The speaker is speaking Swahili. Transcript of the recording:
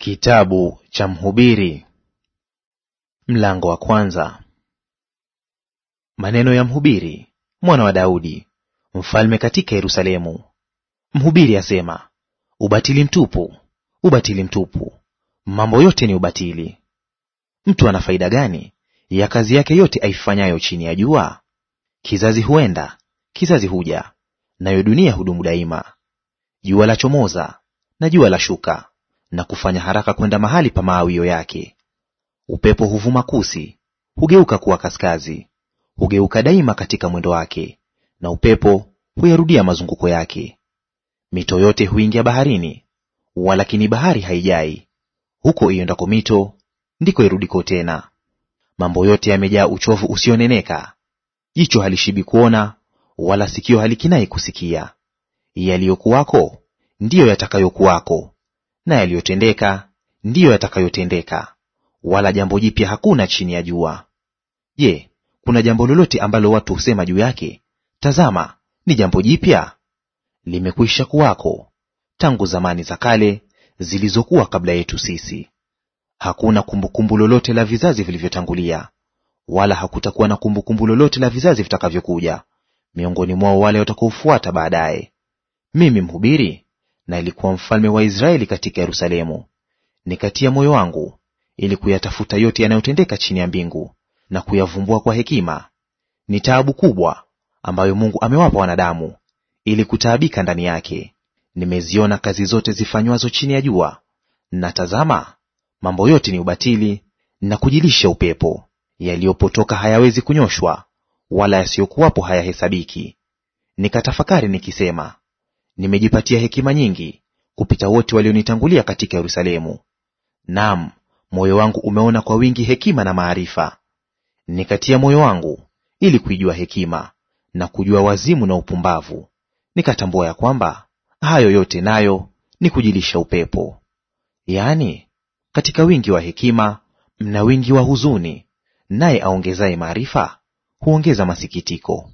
Kitabu cha Mhubiri mlango wa kwanza. Maneno ya Mhubiri mwana wa Daudi mfalme katika Yerusalemu. Mhubiri asema, ubatili mtupu, ubatili mtupu, mambo yote ni ubatili. Mtu ana faida gani ya kazi yake yote aifanyayo chini ya jua? Kizazi huenda kizazi huja, nayo dunia hudumu daima. Jua la chomoza na jua la shuka na kufanya haraka kwenda mahali pa maawio yake. Upepo huvuma kusi, hugeuka kuwa kaskazi, hugeuka daima katika mwendo wake, na upepo huyarudia mazunguko yake. Mito yote huingia baharini, walakini bahari haijai; huko iendako mito ndiko irudiko tena. Mambo yote yamejaa uchovu usioneneka; jicho halishibi kuona, wala sikio halikinai kusikia. Yaliyokuwako ndiyo yatakayokuwako, na yaliyotendeka ndiyo yatakayotendeka, wala jambo jipya hakuna chini ya jua. Je, kuna jambo lolote ambalo watu husema juu yake, tazama, ni jambo jipya? Limekwisha kuwako tangu zamani za kale zilizokuwa kabla yetu sisi. Hakuna kumbukumbu lolote la vizazi vilivyotangulia, wala hakutakuwa na kumbukumbu lolote la vizazi vitakavyokuja miongoni mwao wale watakaofuata baadaye. Mimi mhubiri na alikuwa mfalme wa Israeli katika Yerusalemu. Nikatia moyo wangu ili kuyatafuta yote yanayotendeka chini ya mbingu na kuyavumbua kwa hekima. Ni taabu kubwa ambayo Mungu amewapa wanadamu ili kutaabika ndani yake. Nimeziona kazi zote zifanywazo chini ya jua, na tazama, mambo yote ni ubatili na kujilisha upepo. Yaliyopotoka hayawezi kunyoshwa, wala yasiyokuwapo hayahesabiki. Nikatafakari nikisema, nimejipatia hekima nyingi kupita wote walionitangulia katika Yerusalemu. Naam, moyo wangu umeona kwa wingi hekima na maarifa. Nikatia moyo wangu ili kuijua hekima na kujua wazimu na upumbavu, nikatambua ya kwamba hayo yote nayo ni kujilisha upepo. Yaani, katika wingi wa hekima mna wingi wa huzuni, naye aongezaye maarifa huongeza masikitiko.